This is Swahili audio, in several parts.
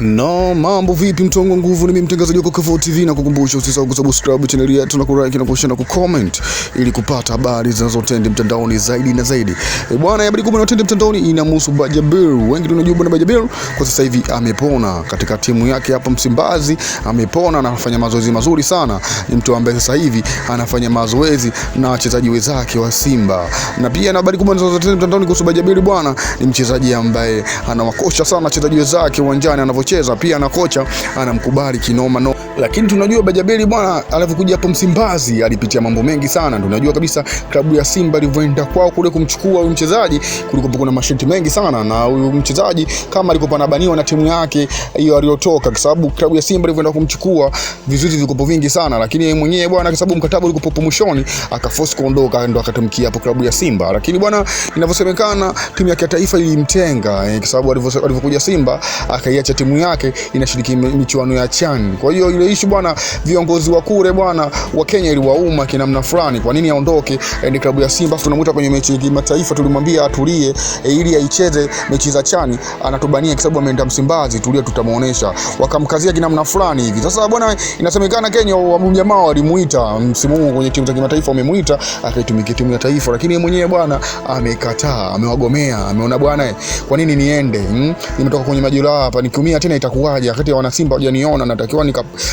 No, mambo vipi mtongo nguvu, ni mimi mtangazaji wako Kevoo TV na kukumbusha usisahau kusubscribe channel yetu na kulike na kushare na kucomment ili kupata habari zinazotrend mtandaoni zaidi na zaidi. E bwana, habari kubwa inayotrend mtandaoni inamhusu Bajaber. Wengi tunajua bwana Bajaber kwa sasa hivi amepona katika timu yake hapa Msimbazi, amepona na anafanya mazoezi mazuri sana. Ni mtu ambaye sasa hivi anafanya mazoezi na wachezaji wenzake wa Simba. Na pia na habari kubwa zinazotrend mtandaoni kuhusu Bajaber bwana, ni mchezaji ambaye anawakosha sana wachezaji wenzake uwanjani anavyo anapocheza pia na kocha anamkubali kinoma noma lakini tunajua Bajabeli bwana alivyokuja hapo Msimbazi alipitia mambo mengi sana. Ndio unajua kabisa klabu ya Simba ilivyoenda kwao kule kumchukua huyu mchezaji, kulikuwa kuna masharti mengi sana, na huyu mchezaji kama alikuwa anabaniwa na timu yake hiyo aliyotoka, kwa sababu klabu ya Simba ilivyoenda kumchukua vizuizi vikopo vingi sana, lakini yeye mwenyewe bwana, kwa sababu mkataba ulikuwa mwishoni, akaforce kuondoka, ndo akatumkia hapo klabu ya Simba. Lakini bwana, inavyosemekana timu yake ya taifa ilimtenga eh, kwa sababu alivyokuja Simba akaiacha timu yake inashiriki michuano ya CHAN, kwa hiyo ile alioishi bwana, viongozi wa kule bwana wa Kenya iliwauma kinamna fulani, kwa nini aondoke eh, ni klabu ya Simba? Tunamwita kwenye mechi ya kimataifa, tulimwambia atulie e, ili aicheze mechi za chani, anatubania kwa sababu ameenda Msimbazi, tulia, tutamuonesha. Wakamkazia kinamna fulani hivi. Sasa bwana, inasemekana Kenya wa jamaa walimuita msimu huu kwenye timu za kimataifa, wamemuita akaitumikia timu ya taifa, lakini yeye mwenyewe bwana amekataa, amewagomea, ameona bwana, kwa nini niende? Hmm? Nimetoka kwenye majira hapa, nikiumia tena itakuwaje? Wakati wana Simba hawajaniona, natakiwa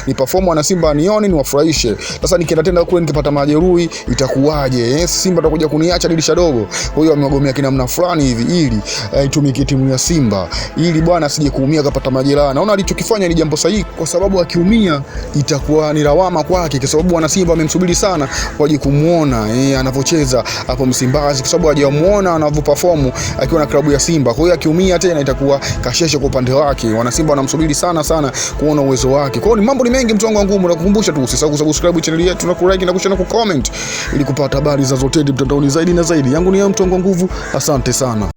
ni perform na Simba nione niwafurahishe. Sasa nikienda tena kule nikipata majeruhi itakuwaje? Yes, eh? Simba atakuja kuniacha dirisha dogo. Kwa hiyo amegomea kinamna fulani hivi ili eh, itumike timu ya Simba ili bwana asije kuumia akapata majeraha. Naona alichokifanya ni jambo sahihi, kwa sababu akiumia itakuwa ni lawama kwake, kwa sababu wana Simba wamemsubiri sana waje kumuona eh, anavyocheza hapo Msimbazi, kwa sababu hajamuona anavyoperform akiwa na klabu ya Simba. Kwa hiyo akiumia tena itakuwa kasheshe kwa upande wake. Wana Simba wanamsubiri sana sana kuona uwezo wake. Kwa hiyo ni mambo ni mengi, mtu wangu wa ngumu, nakukumbusha tu usisahau kusubscribe channel yetu na kulike na kushare na kucomment ili kupata habari za mtandaoni zaidi na zaidi. Yangu ni mtu wangu wa nguvu, asante sana.